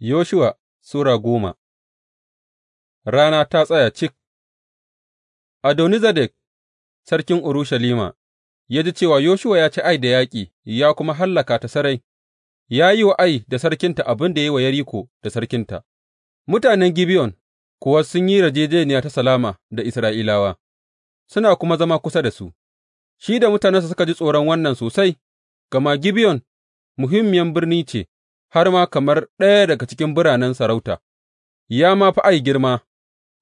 Yoshuwa Sura goma Rana ta tsaya cik Adonizadek, sarkin Urushalima ya ji cewa Yoshuwa ya ci Ai da yaƙi ya kuma hallaka ta sarai, ya yi wa Ai da sarkinta abin da ya yi wa yariko da sarkinta, mutanen Gibeyon kuwa sun yi rajejeniya ta salama da Isra'ilawa, suna kuma zama kusa da su, shi da mutanensa suka ji tsoron wannan sosai, gama Gibeyon muhimmiyar birni ce. har ma kamar ɗaya daga cikin biranen sarauta, ya ma fi Ai girma,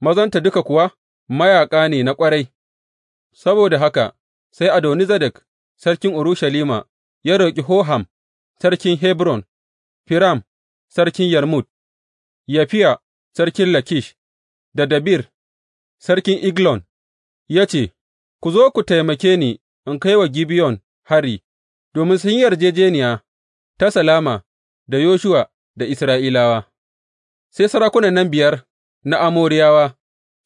mazanta duka kuwa mayaƙa ne na ƙwarai, saboda haka sai Adoni Zedek sarkin Urushalima ya roƙi Hoham sarkin Hebron, Firam sarkin Yarmut, Yafiya sarkin Lakish da Dabir sarkin Eglon, ya ce, Ku zo ku taimake ni in kai wa Gibeyon hari, domin sun yarjejeniya ta salama da Yoshuwa da Isra'ilawa Sai sarakunan nan biyar na Amoriyawa,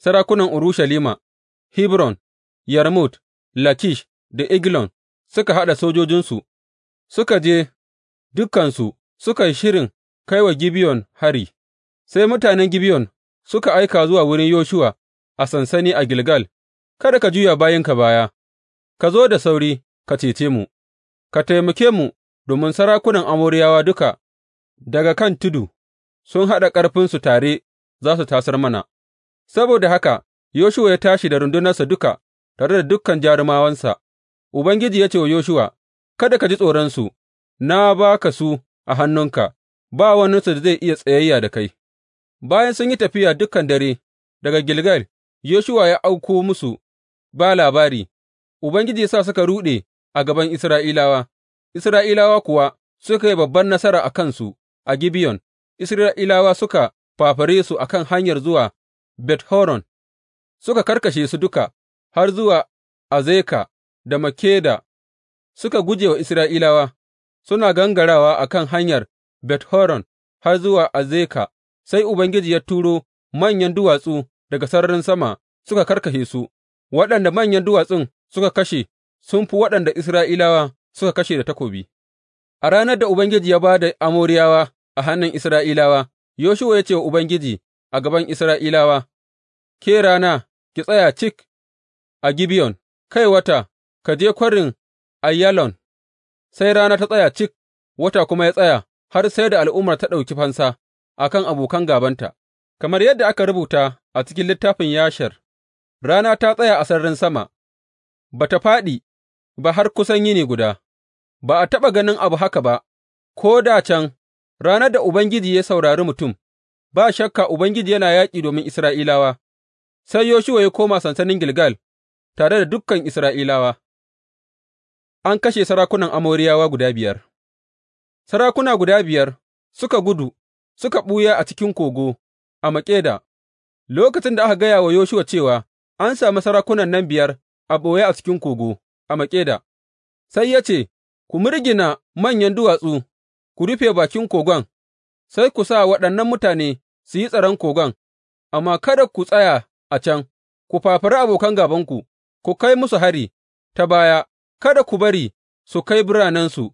sarakunan Urushalima, Hebron, Yarmut, Lakish da Eglon suka haɗa sojojinsu, suka je dukansu suka yi shirin kai wa Gibeyon hari, sai mutanen Gibeyon suka aika zuwa wurin Yoshuwa a sansani a Gilgal, Kada ka juya bayanka baya, ka zo da sauri ka cece mu, ka taimake mu domin sarakunan Amoriyawa duka daga kan tudu, sun haɗa ƙarfinsu tare za su tasar mana, saboda haka Yoshuwa ya tashi da rundunarsa duka tare da dukan jarumawansa, Ubangiji ya ce wa Yoshuwa, Kada ka ji tsoronsu, na ba ka su a hannunka, ba waninsu da zai iya tsayayya da kai. Bayan sun yi tafiya dukan dare daga Gilgal, Yoshuwa ya auko musu ba labari, Ubangiji ya sa suka ruɗe a gaban Isra'ilawa, Isra'ilawa kuwa suka yi babban nasara a kansu. a Gibeyon, Isra'ilawa suka fafare su a kan hanyar zuwa Bet Horon, suka karkashe su duka har zuwa Azeka da Makeda suka guje wa Isra'ilawa, suna gangarawa a kan hanyar Bet Horon har zuwa Azeka, sai Ubangiji ya turo manyan duwatsu daga sararin sama suka karkashe su, waɗanda manyan duwatsun suka kashe sun fi waɗanda Isra'ilawa suka kashe da takobi. A ranar da Ubangiji ya ba da Amoriyawa a hannun Isra'ilawa, Yoshuwa ya ce wa Ubangiji a gaban Isra'ilawa, Ke rana, ki tsaya cik a Gibeyon, kai wata, ka je kwarin ayalon sai rana ta tsaya cik, wata kuma ya tsaya, har sai da al'ummar ta ɗauki fansa a kan abokan gabanta. kamar yadda aka rubuta a cikin littafin Yashar, rana ta tsaya a sararin sama, ba ta faɗi ba har kusan yini guda, ba a taɓa ganin abu haka ba, ko da can Ranar da Ubangiji ya saurari mutum, ba shakka Ubangiji yana yaƙi domin Isra'ilawa, sai Yoshuwa ya koma sansanin Gilgal tare da dukan Isra'ilawa. An kashe sarakunan Amoriyawa guda biyar Sarakuna guda biyar suka gudu, suka ɓuya a cikin kogo a Maƙeda, lokacin da aka gaya wa Yoshuwa cewa an sami sarakunan nan biyar a ɓoye a cikin kogo a Maƙeda, sai ya ce, Ku mirgina manyan duwatsu Ku rufe bakin kogon, sai ku sa waɗannan mutane su yi tsaron kogon, amma kada ku tsaya a can, ku fafari abokan gābanku, ku kai musu hari ta baya, kada ku bari su kai biranensu,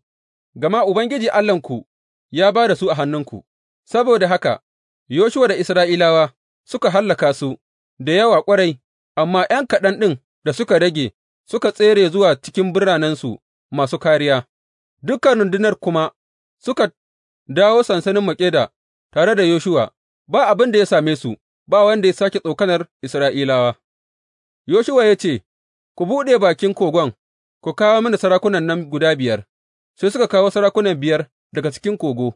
gama Ubangiji Allahnku ya ba da su a hannunku, saboda haka Yoshuwa da Isra'ilawa suka hallaka su da yawa ƙwarai, amma ’yan kaɗan ɗin da suka rage suka tsere zuwa cikin biranensu masu kariya. dukan rundunar kuma Suka dawo sansanin Makkeda tare da Yoshuwa, ba abin da ya same su, ba wanda ya sake tsokanar Isra'ilawa, Yoshuwa ya ce, Ku buɗe bakin kogon, ku kawo mini sarakunan nan guda biyar, sai suka kawo sarakunan biyar daga cikin kogo,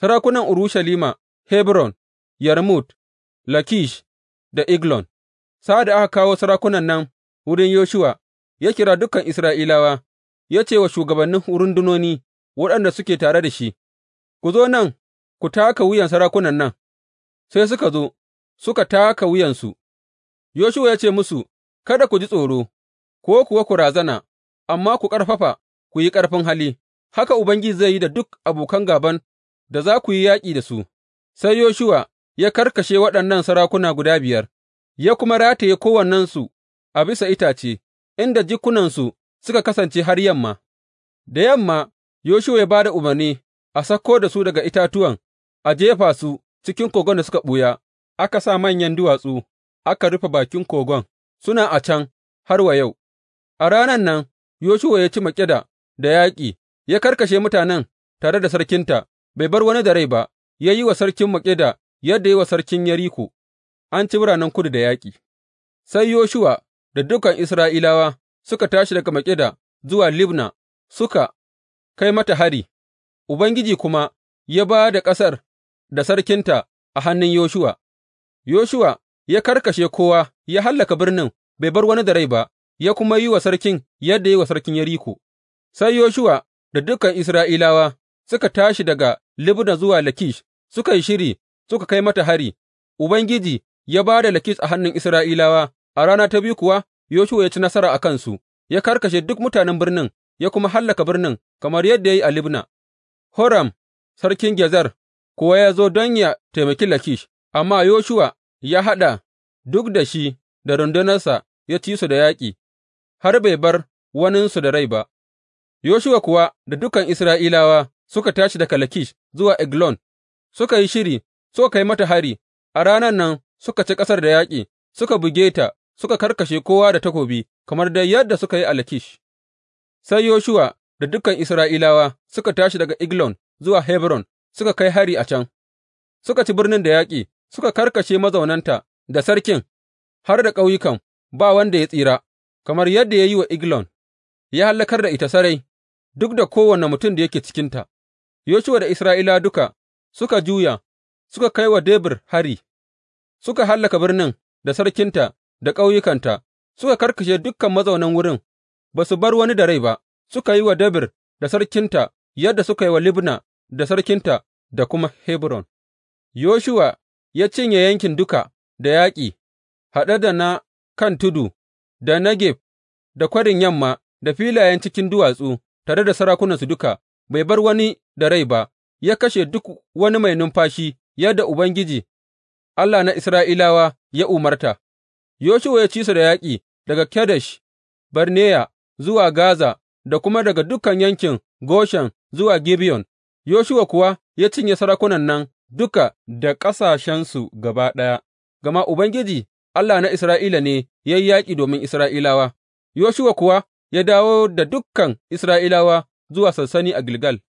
sarakunan Urushalima, Hebron, Yarmut, Lakish da Eglon. Sa'ad da aka kawo sarakunan nan wurin Yoshuwa, ya kira dukan Isra'ilawa, ya ce wa shugabannin rundunoni, waɗanda suke tare da shi, Ku zo nan, ku taka wuyan sarakunan nan, sai suka zo, suka taka wuyansu, Yoshuwa ya ce musu, Kada ku ji tsoro, ko kuwa ku razana, amma ku ƙarfafa, ku yi ƙarfin hali, haka Ubangiji zai yi da duk abokan gaban da za ku yi yaƙi da su. Sai Yoshuwa ya karkashe waɗannan sarakuna guda biyar, ya kuma rataye kowannensu a bisa itace, inda jikunansu suka kasance har yamma. Da yamma Yoshuwa ya ba da umarni a sauko da su daga itatuwan, a jefa su cikin kogon da suka ɓuya, aka sa manyan duwatsu aka rufe bakin kogon, suna a can har wa yau. A ranan nan Yoshuwa ya ci Makkeda da yaƙi, ya karkashe mutanen tare da sarkinta, bai bar wani da rai ba, ya yi wa sarkin Makkeda yadda ya yi wa sarkin Yeriko, an ci biranen kudu da yaƙi. Sai Yoshuwa da dukan Isra'ilawa suka tashi daga Makkeda zuwa Libna, suka kai mata hari, Ubangiji kuma ya ba da ƙasar da sarkinta a hannun Yoshuwa, Yoshuwa ya karkashe kowa ya hallaka birnin bai bar wani da rai ba, ya kuma yi wa sarkin yadda ya yi wa sarkin Yeriko. Sai Yoshuwa da dukan Isra'ilawa suka tashi daga Libna zuwa Lakish, suka yi shiri suka kai mata hari, Ubangiji ya ba da Lakish a hannun Isra'ilawa, a rana ta biyu kuwa Yoshuwa ya ci nasara a kansu, ya karkashe duk mutanen birnin ya kuma hallaka birnin kamar yadda ya yi a Libna, Horam sarkin Gezer kuwa ya zo don ya taimaki Lakish, amma Yoshuwa ya haɗa duk da shi da rundunarsa ya ci su da yaƙi, har bai bar waninsu da rai ba. Yoshuwa kuwa da dukan Isra'ilawa suka tashi daga Lakish zuwa Eglon, suka yi shiri, suka kai mata hari, a ranar nan suka ci ƙasar da yaƙi, suka buge ta, suka karkashe kowa da takobi, kamar dai yadda suka yi a Lakish. Sai Yoshuwa da dukan Isra'ilawa suka tashi daga Eglon zuwa Hebron suka kai hari a can, suka ci birnin da yaƙi, suka karkashe mazaunanta da sarkin, har da ƙauyukan, ba wanda ya tsira, kamar yadda ya yi wa Eglon, ya hallakar da ita sarai, duk da kowane mutum da yake cikinta. Yoshuwa da Isra'ilawa duka suka juya, suka kai wa Debir hari, suka hallaka birnin da sarkinta da ƙauyukanta, suka karkashe dukan mazaunan wurin ba su bar wani da rai ba, suka yi wa Debir da sarkinta yadda suka yi wa Libna da sarkinta da kuma Hebron. Yoshuwa ya cinye yankin duka da yaƙi, haɗe da na kan tudu, da Negeb, da kwarin yamma, da filayen cikin duwatsu, tare da sarakunansu duka, bai bar wani da rai ba, ya kashe duk wani mai numfashi yadda Ubangiji, Allah na Isra'ilawa ya umarta. Yoshuwa ya ci su da yaƙi daga Kadesh Barneya zuwa Gaza da kuma daga dukan yankin Goshen zuwa Gibeyon, Yoshuwa kuwa ya cinye sarakunan nan duka da ƙasashensu gaba ɗaya, gama Ubangiji Allah na Isra'ila ne ya yi yaƙi domin Isra'ilawa, Yoshuwa kuwa ya dawo da dukan Isra'ilawa zuwa sansani a Gilgal.